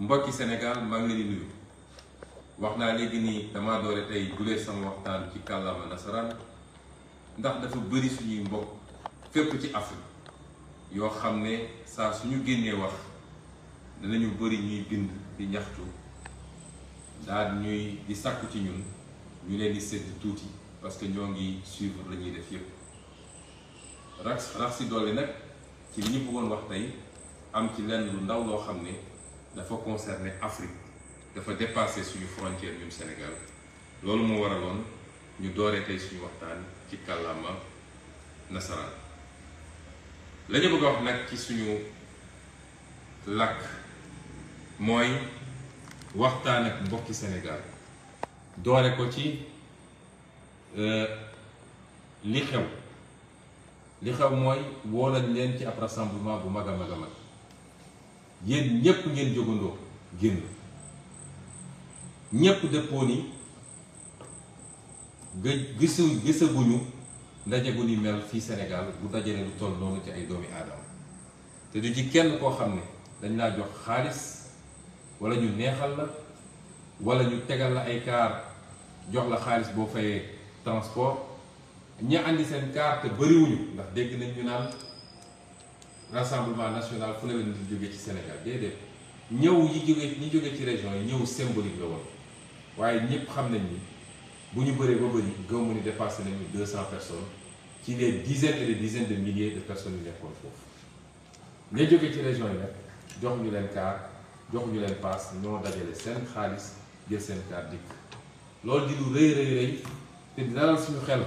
mbokki Sénégal maa ngi leen nuyu wax naa léegi nii damaa doore tey gulee sama waxtaan ci kàllaama nasaraan ndax dafa bëri suñuy mbokk fépp ci Afrique yoo xam ne saa suñu génnee wax danañu bari ñuy bind di ñaxtu daal ñuy di sàkku ci ñun ñu leen di sedd tuuti parce que ñoo ngi suivre la ñuy def yépp rax rax si dolli nag ci li ñu bëggoon wax tey am ci lenn lu ndaw loo xam ne la concerner Afrique faut dépasser les frontières du Sénégal loolu moo waraloon ñu dooree tey suñu waxtaan ci c'est calme, la L'année bëgg sur wax nag ci Sénégal euh, Le rassemblement bu yéen ñépp ngeen jógandoo génn ñépp dëppoo ni gisu gisaguñu ndaje gu ni mel fii senegal bu dajale lu toll noonu ci ay doomi aadama te du ci kenn koo xam ne dañ laa jox xaalis wala ñu neexal la wala ñu tegal la ay kaar jox la xaalis boo fayee transport ña indi seen kaar te bëriwuñu ndax dégg nañ naan rassemblement national fu ne la ñu ci Sénégal déedéet ñew yi jógee ñi jógee ci région yi ñew symbolique la woon waaye ñëpp xam nañ ni buñu bëré ba bëri gëmmu ni dépassé nañu 200 personnes ci les dizaines et les dizaines de milliers de personnes yu nekkoon foofu. ña jógee ci région yi nag joxuñu leen kaar joxuñu leen paas ñoo dajale sen xaalis jël sen kaar dik lool di lu rëy rëy rëy te dalal suñu xel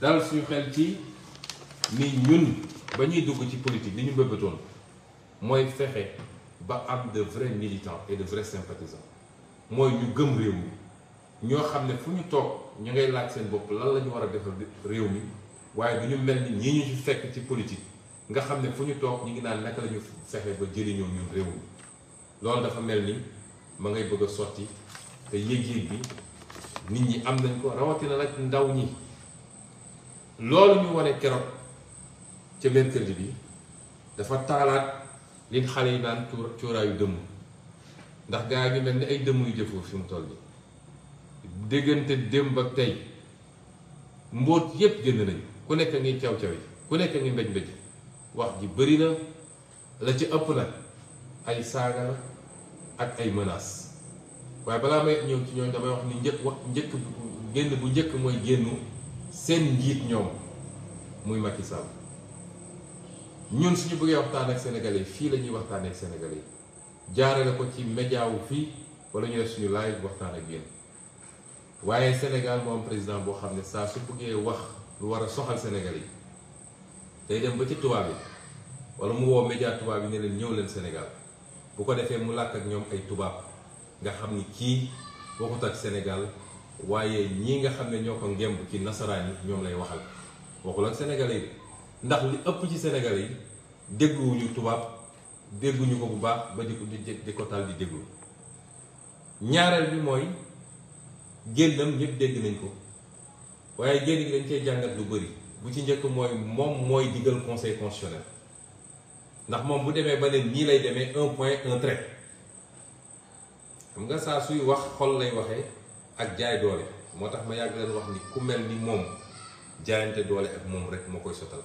dalal suñu xel ci ni ñun ba ñuy dugg ci politique li ñu mbëbbatoon mooy fexe ba am de vrais militants et de vrais sympathisants mooy ñu gëm réew mi ñoo xam ne fu ñu toog ñu ngay laaj seen bopp lan la ñu war a defal réew mi waaye du ñu mel ni ñii ñu ci fekk ci politique nga xam ne fu ñu toog ñu ngi naan naka la ñu fexe ba jëriñoo ñun réew mi loolu dafa mel ni ma ngay bëgg a sotti te yëg-yëg bi nit ñi am nañ ko rawatina nag ndaw ñi loolu ñu wane keroog. cement mercredi bi dafa taalaat li xale yi naan cuuraayu dëmm ndax gaa ngi mel ni ay dëmm yu jëfoo fi mu toll bi déggante démb ak tey mbóot yépp génn nañ ku nekk ngi caw caw ku nekk ngi mbéj mbéj wax ji bëri na la ci ëpp nag ay saaga ak ay mënaas waaye balaa may ñëw ci ñoom damay wax ni njëkk bu njëkk mooy génnu seen njiit ñoom muy Macky Sall ñun suñu bëggee waxtaan ak sénégalais yi fii la ñuy waxtaan ak sénégalais yi jaarale ko ci média wu fii wala ñu def suñu live waxtaan ak yéen waaye Sénégal moom président boo xam ne saa su bëggee wax lu war a soxal sénégalais yi day dem ba ci tubaab yi wala mu woo média tubaab yi ne leen ñëw leen Sénégal bu ko defee mu làkk ak ñoom ay tubaab nga xam ni kii waxut ak Sénégal waaye ñii nga xam ne ñoo ko ngemb ci nasaraan yi ñoom lay waxal waxul ak sénégalais yi. ndax li ëpp ci Sénégalais yi dégluwuñu tubaab dégguñu ko bu baax ba di ko di ko tal di déglu ñaareel bi mooy génnam ñëpp dégg nañ ko waaye génn gi dañ cee jàngat lu bari bu ci njëkk mooy moom mooy digal conseil constitutionnel ndax moom bu demee ba ne nii lay demee un point un trait xam nga saa suy wax xol lay waxee ak jaay doole moo tax ma yàgg leen wax ni ku mel ni moom jaayante doole ak moom rek moo koy sotal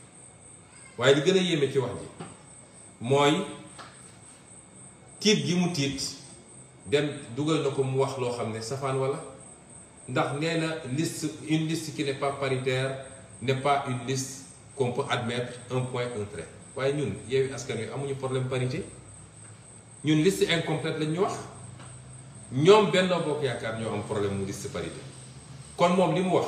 waaye li gën a yéeme ci wax ji mooy tiit gi mu tiit dem dugal na ko mu wax loo xam ne safaan wala ndax nee na liste une liste qui n'est paritaire n'est pas une liste qu'on peut admettre un point un waaye ñun Yewwi Askan Wi amuñu problème parité ñun liste incomplète lañ ñu wax ñoom Benno Bokk Yaakaar ñoo am problème mu liste parité kon moom li mu wax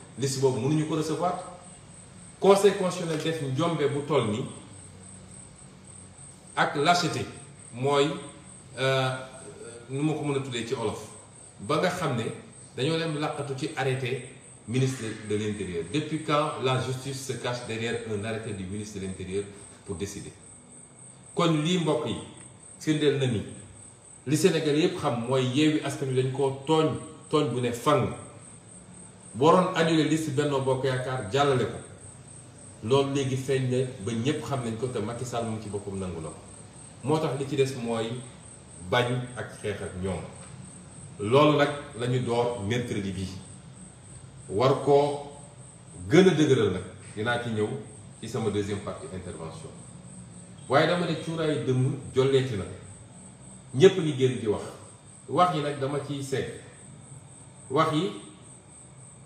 liste boobu mënuñu ko recevoir conseil constitutionnel def njombe bu toll ni ak lâcheté mooy euh, nu ma ko mën a tuddee ci olof ba nga xam ne dañoo dem làqatu ci arrêté ministre de l' intérieur depuis quand la justice se cache derrière un arrêté du ministre de l' intérieur pour décider kon lii mbokk yi firndeel na ni li Sénégal yépp xam mooy yeewi askan wi dañ koo tooñ tooñ bu ne fang waroon annulé liste Benno Bokk Yaakaar jàllale ko loolu léegi feeñ ne ba ñépp xam nañ ko te Macky Sall moom ci boppam nangu na ko moo tax li ci des mooy bañ ak xeex ñoom loolu nag lañu ñu door mercredi bi war koo gën a dëgëral nag dinaa ci ñëw ci sama deuxième partie intervention waaye dama ne cuuraayu dëmm jolleeti na ñépp ni di wax wax yi nag dama ci seet wax yi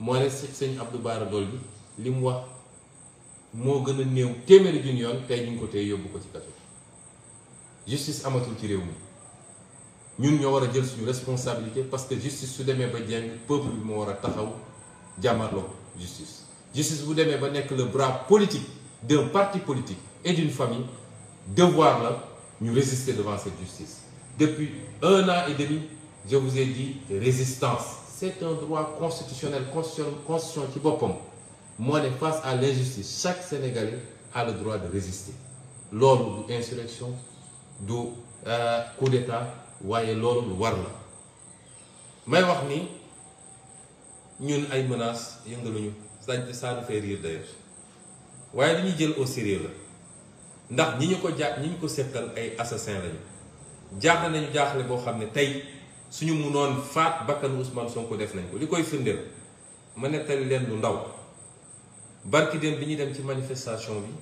moo ne seigne Abdou Bara Dolly bi li wax mo gëna a néew téeméeri yoon tay ñu ko té yobbu ko ci justice amatu ci réew mi ñun ño wara jël suñu responsabilité parce que justice su démé ba jeng peuple bi moo war taxaw jàmmarloo justice justice bu démé ba nek le bras politique d'un parti politique et d'une famille devoir la ñu résister devant cette justice depuis un an et demi je vous ai dit résistance c'est un droit constitutionnel constitution qui moi moi, les face à l'injustice chaque Sénégalais a le droit de résister L'ordre d'insurrection... insurrection du euh, coup d'état ou l'ordre lu Mais Mais wax ni ñun ay nous fait rire d'ailleurs sérieux avons assassins suñu munoon faat bakkanu Ousmane Sonko def nañ ko li koy firndeel ma nettali leen lu ndaw barki dem bi ñuy dem ci manifestation bi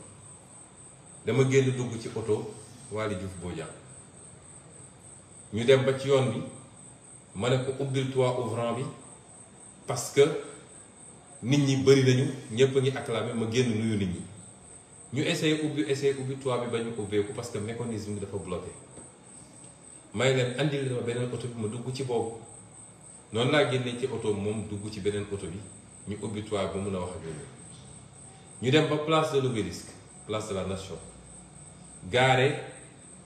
dama génn dugg ci oto Waly Diouf Bodian ñu dem ba ci yoon bi ma ne ko ubbil toit ouvrant bi parce que nit ñi bëri nañu ñëpp a ngi acclamé ma génn nuyu nit ñi ñu essayé ubbi essayé ubbi toit bi ba ñu ubbeeku parce que mécanisme bi dafa bloqué. may leen andil ma beneen oto bi ma dugg ci boobu noonu laa génnee ci oto moom dugg ci beneen oto bi ñu ubbi toit ba mun a wax ak yooyu ñu dem ba place de l'Obélisque place de la nation gaare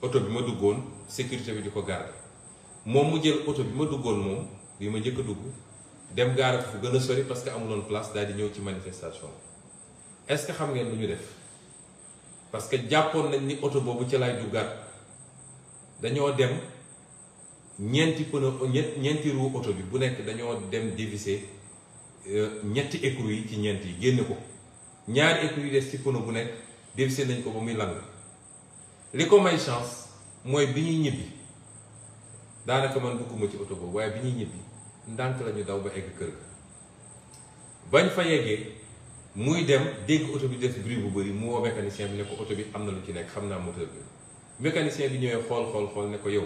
oto bi ma duggoon sécurité bi du ko garder moom mu jël oto bi ma duggoon moom bi ma njëkk dugg dem gaare ko fu gën a sori parce que amuloon place daal di ñëw ci manifestation bi est-ce que xam ngeen lu ñu def parce que jàppoon nañ ni oto boobu ci laay duggaat dañoo dem. ñeenti pneu ñeenti roue oto bi bu nekk dañoo dem dévisser euh, ñetti écrou yi ci ñeent yi génn ko ñaari écrou yi des ci pneu bu nekk dévisser nañ ko ba muy la li ko may chance mooy bi ñuy ñibbi daanaka man dugguma ci oto boobu waaye bi ñuy ñibbi ndànk lañu daw ba egg kër ga bañ fa yeggee muy dem dégg oto bi def bruit bu bëri mu woo mécanicien bi ne ko oto bi am na lu ci nekk xam naa moteur bi mécanicien bi ñëwee xool xool xool ne ko yow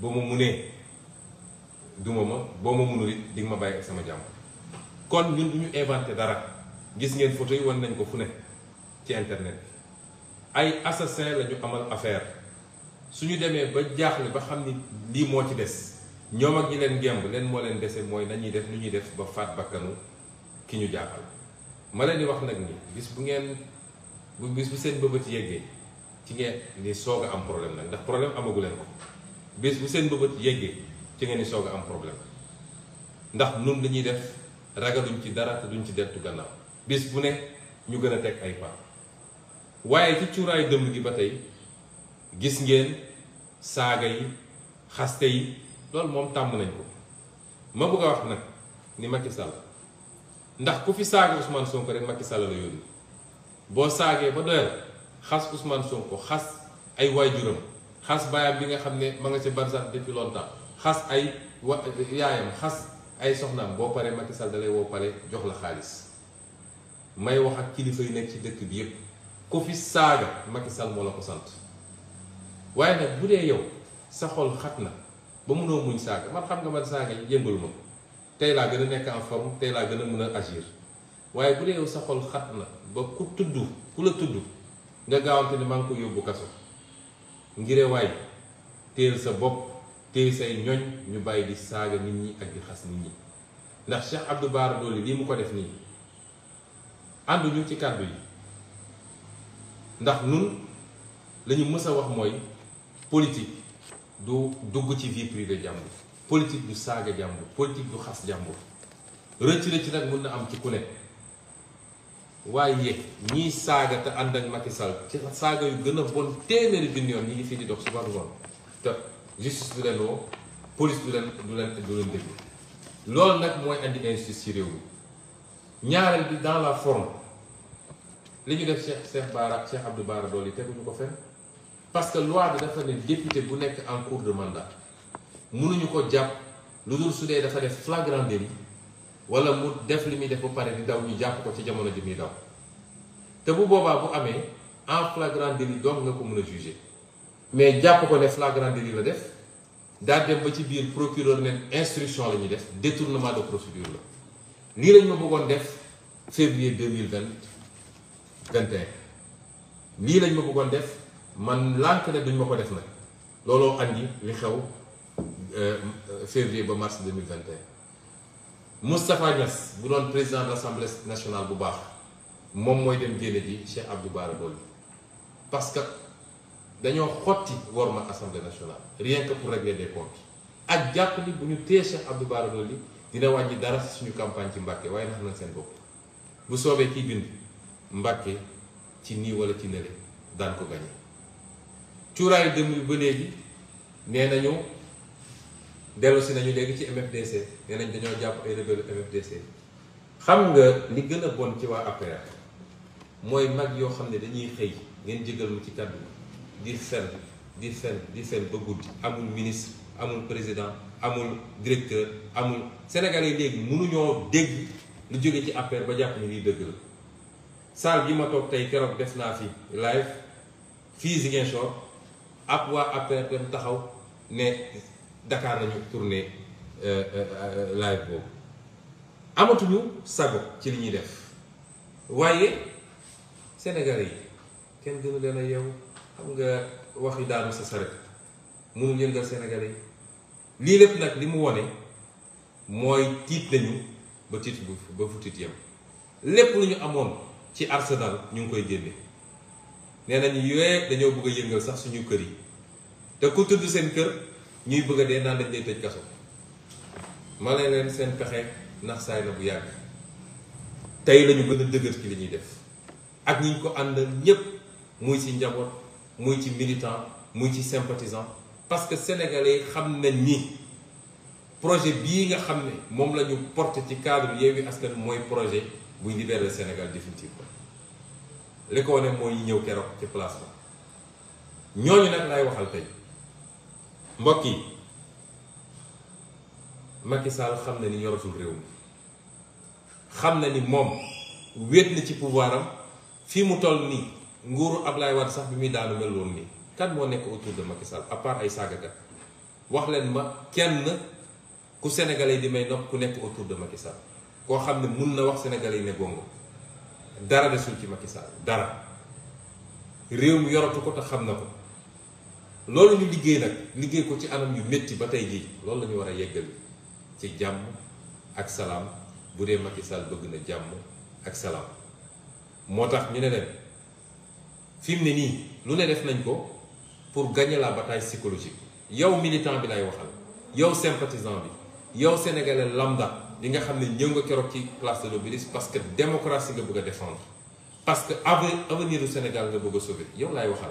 boo ma munee duma ma boo ma munul it di ma bàyyi sama jàmm kon ñun du ñu inventé dara gis ngeen photo yi wan nañ ko fu ne ci internet ay assassin la ñu amal affaire suñu demee ba jaaxle ba xam ni lii moo ci des ñoom ak ñi leen gemb leen moo leen dese mooy nañuy def lu ñuy def ba faat bakkanu ki ñu jaaxal ma leen di wax nag ni gis bu ngeen bu gis bu seen bëbët yeggee ci ngeen ni soog am problème nag ndax problème amagu leen ko bés bu seen bëbët yeggee ci ngeen ni soog am problème ndax nun li def ragaluñ ci dara te duñ ci deltu gannaaw bés bu ne ñu gën a teg ay pas waaye ci cuuraayu dëmb gi ba tey gis ngeen saaga yi xaste yi loolu moom tàmm nañ ko ma bëgg a wax nag ni Macky Sall ndax ku fi saaga Ousmane Sonko rek Macky Sall la yónni boo saagee ba doyal xas Ousmane Sonko xas ay waajuram xas baayam bi nga xam ne ma nga ca barsax depuis na xas ay wa yaayam xas ay soxnaam boo paree Macky Sall lay woo pare jox la xaalis may wax ak kilifa yu nekk ci dëkk bi yépp ku fi saaga Macky moo la ko sant waaye nag bu dee yow sa xol xat na ba mënoo muñ saaga man xam nga man saaga yëngalu ma tey laa gën a nekk en forme tey laa gën a mën a agir waaye bu dee yow sa xol xat na ba ku tudd ku la tudd nga gaawante ne maa ko yóbbu kaso ngiré way téel sa bop téel say ñoñ ñu bay di saga nit ñi ak di xass nit ñi ndax cheikh abdou bar doli li mu ko def ni andu ñu ci kaddu yi ndax nun lañu mësa wax moy politique du dugg ci vie privée jamm politique du saga jamm politique du xass jamm retiré ci nak mëna am ci ku nekk waaye ñiy saaga te ànd ak Macky Sall ci saaga yu gën a bon téeméeri junni yoon ñi ngi fii di dox suba ngoon te justice bi leen woo police du leen leen du leen loolu nag mooy andi injustice ci réew mi ñaareel bi dans la forme li ñu def Cheikh Cheikh Bara Cheikh Abdou Bara Dolly teguñu ko fenn parce que loi bi dafa ne député bu nekk en cours de mandat mënuñu ko jàpp lu dul su dee dafa def flagrant délit wala mu def li muy def ba pare di daw ñu jàpp ko ci jamono ji muy daw te bu boobaa bu amee en flagrant délit donc nga ko mun a juger mais jàpp ko ne flagrant délit la def daa dem ba ci biir procureur ne instruction la ñuy def détournement de procédure la lii lañ ma bëggoon def février deux mille vingt vingt lii lañ ma bëggoon def man lànk ne duñ ma ko def nag looloo andi li xew euh, février ba mars deux mille vingt et Moustapha Niass bu doon président de l'Assemblée nationale bu baax moom mooy dem génne ji Cheikh Abdou Bara Dolly parce que dañoo xotti worma Assemblée nationale rien que pour régler des comptes ak jàpp ni bu ñu téye Cheikh Abdou Bara yi dina wàññi dara suñu campagne ci Mbàkke waaye nax na seen bopp bu soobee kiy bind Mbàkke ci nii wala ci nële daan ko gañe cuuraayu dem yu ba léegi nee nañu dellu si nañu léegi ci MFDC nee nañ dañoo jàpp ay rebelle MFDC xam nga li gën a bon ci waa APR mooy mag yoo xam ne dañuy xëy ngeen jégal mu ci kàddu di fen di fen di fen ba guddi amul ministre amul président amul directeur amul Sénégalais yi léegi mënuñoo dégg lu jóge ci APR ba jàpp ni lii dëgg la saal bi ma toog tey keroog def naa fi live fii Ziguinchor ab waa APR dem taxaw ne Dakar lañu tourné euh, euh, euh, live boobu amatuñu sago ci li ñuy def waaye Sénégalais yi kenn gënu leen a yow xam nga wax yu daanu sa saret mënul yëngal Sénégalais yi lii lépp nag li mu wone mooy tiit nañu ba tiit bu ba fu tiit lépp lu ñu amoon ci arsenal ñu ngi koy génne nee nañu yooyee dañoo bëgg a yëngal sax suñu kër yi te ku tudd seen kër ñuy bëgg de dee naan dañ tëj kaso ma ne leen seen pexe nax saay la bu yàgg tey lañu gën a dëgër ci li ñuy def ak ñi ñu ko àndal ñépp muy ci njaboot muy ci militant muy ci sympathisant parce que sénégalais xam nañ ni projet bii nga xam ne moom lañu ñu porté ci cadre yi Askan mooy projet buy libérer Sénégal définitivement li ko wane mooy ñëw keroog ci place ba ñooñu nag laay waxal tey mbokk yi Macky Sall xam na ni yoratul réew mi xam na ni moom wéet na ci pouvoir am fii mu toll nii nguuru laay Wade sax bi muy daanu mel nii kan moo nekk autour de Macky Sall ay saagakat wax leen ma kenn ku sénégalais di may nopp ku nekk autour de Macky koo xam ne mun na wax sénégalais yi ne gongo dara de desul ci Macky Sall dara réew mi yoratu ko te xam na ko. lolu ñu liggéey nak liggéey ko ci anam yu metti batay tey lolu lañu wara ñu a ci jamm ak salam bu dee Macky Sall bëgg na jamm ak salam motax ñu ne leen fi mu ne lu def nañ ko pour gagner la bataille psychologique yow militant bi lay waxal yow sympathisant bi yow sénégalais lambda li nga xam ne ñëw nga keroog ci place de l'Obélisque parce que démocratie nga bëgg défendre parce que avenir du Sénégal nga bëgg sauver yow lay waxal.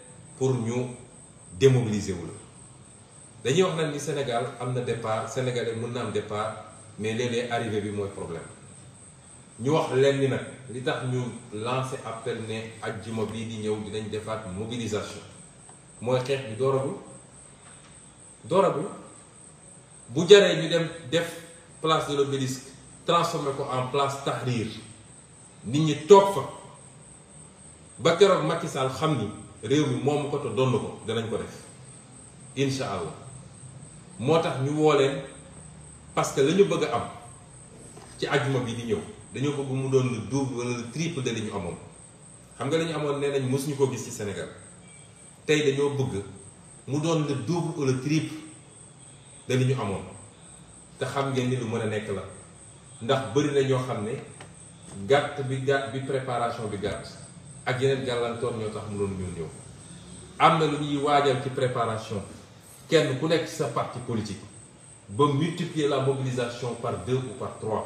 pour nous démobiliser Nous la dañuy wax Sénégal am départ sénégalais départ mais il est arrivé bi Nous problème Nous wax nous li tax appel ne di ñëw mobilisation nous avons le nous bu place de l'obélisque transformer en place Tahrir nous ñi toog nous réew mi moom ko te donn ko danañ ko def incha allah moo tax ñu woo leen parce que la ñu bëgg a am ci ajuma bi di ñëw dañoo bëgg mu doon le double wala le triple de li ñu amoon xam nga lañu ñu amoon nee nañ mosuñu ko gis ci senegal tey dañoo bëgg mu doon le double wala le triple de amoon te xam ngeen ni lu mën a nekk la ndax bëri na ñoo xam ne gàtt bi gàtt bi préparation bi gàtt. ak yeneen gàllankoor ñoo tax mënoon ñoo ñëw am na lu ñuy waajal ci préparation kenn ku nekk sa parti politique ba multiplier la mobilisation par deux ou par trois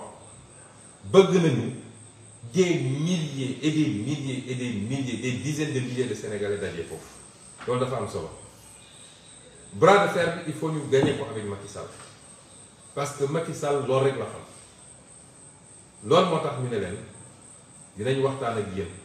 bëgg nañu des milliers et des milliers et des milliers des dizaines de milliers de Sénégalais dajee foofu loolu dafa am solo bras de fer bi il faut ñu gagner ko avec Macky Sall parce que Macky Sall loolu rek la xam loolu moo tax ñu ne leen dinañ waxtaan ak yéen.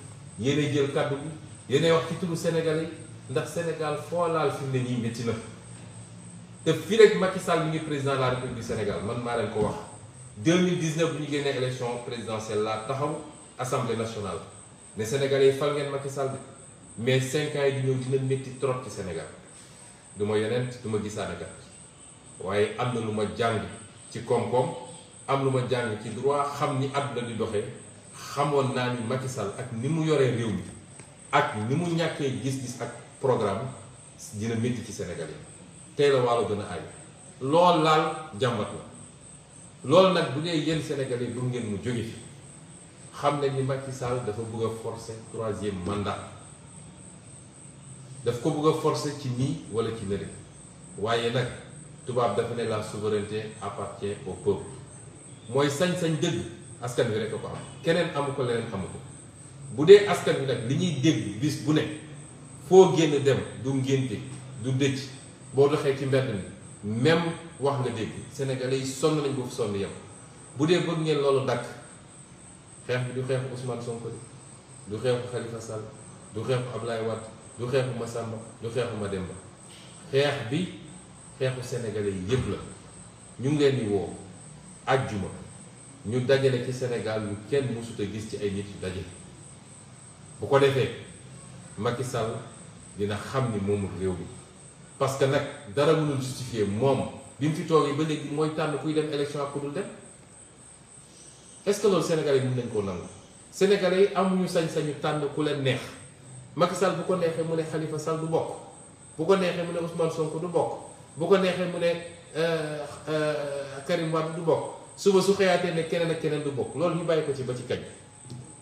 yéenay jël kàddu bi yéenay wax ci turu Sénégal yi ndax Sénégal foo laal fi mu ne nii métti na te fii rek Macky Sall mi président de la République du Sénégal man maa leen ko wax 2019 bu ñu génnee élection présidentielle laa taxaw assemblée nationale ne Sénégalais yi fal ngeen Macky Sall mais 5 ans yi di ñëw dina métti trop ci Sénégal du ma yeneen du ma gisaane kat waaye am na lu ma jàng ci koom-koom am lu ma ci droit xam ni àdduna di doxee. xamoon naa ni Macky Sall ak ni mu yoree réew mi ak ni mu ñàkkee gis-gis ak programme dina métti ci Sénégal yi tey la waalo gën a aay lool laal jàmbat la loolu nag bu dee yéen Sénégalais bu ngeen mu jóge xam nañ ni Macky Sall dafa bëgg a forcer troisième mandat daf ko bëgg a forcer ci nii wala ci nële waaye nag tubaab dafa ne la souveraineté appartient au peuple mooy sañ-sañ dëgg askan bi rek ko am keneen amu ko leneen amu ko bu dee askan wi nag li ñuy dégg bis bu ne foo génn dem du ngénte du dëcc boo doxee ci mbedd mi même wax nga dégg sénégalais yi sonn nañ boofu sonn yem bu dee bëgg ngeen loolu dakk xeex bi du xeexu Ousmane Sonko du xeexu Khalifa Sall du xeexu Ablaye Wade du xeexu Massamba du xeexu Mademba xeex bi xeexu sénégalais yi yépp la ñu ngi leen di woo ajjuma ñu dajale ci Sénégal lu kenn mësut a gis ci ay nit yu daje bu ko defee Macky Sall dina xam ni moomul réew mi parce que nag dara mënul justifier moom bi mu fi yi ba léegi mooy tànn kuy dem élection ak ku dul dem est-ce que loolu Sénégalais yi mën nañ koo nangu Sénégalais yi amuñu sañ-sañu tànn ku leen neex Macky Sall bu ko neexee mu ne Khalifa sal du bokk bu ko neexee mu ne Ousmane Sonko du bokk bu ko neexee mu ne euh, euh, Karim Wade du bokk. suba su xëyaatee ne keneen ak keneen du bokk loolu ñu bàyyi ko ci ba ci kañ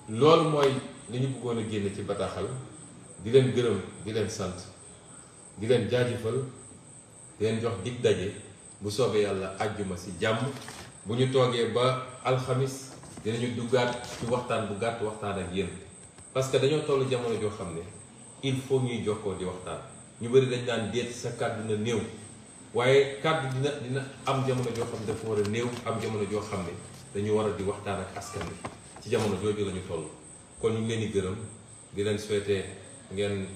loolu mooy li ñu buggoon a génne ci bataaxal di leen gërëm di leen sant di leen jaajëfal di leen jox dig daje bu soobee yàlla àjjuma si jàmm bu ñu toogee ba alxamis dinañu duggaat ci waxtaan bu gàtt waxtaan ak yéen parce que dañoo tollu jamono joo xam ne il faut ñuy jokkoo di waxtaan ñu bëri dañ daan déet sa kàddu néew. waaye kàddu dina dina am jamono joo xam ne dafa war a néew am jamono joo xam ne dañu war a di waxtaan ak askan wi ci jamono jooju la ñu toll kon ñu ngi leen di gërëm di leen souhaiter ngeen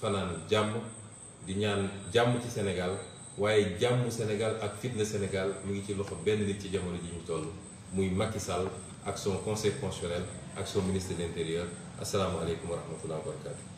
fanaan jàmm di ñaan jàmm ci Sénégal waaye jàmm Sénégal ak fitna Sénégal mu ngi ci loxo benn nit ci jamono ji ñu toll muy Macky Sall ak son conseil constitutionnel ak soo ministre de l'intérieur asalaamualeykum wa rahmatullahi wa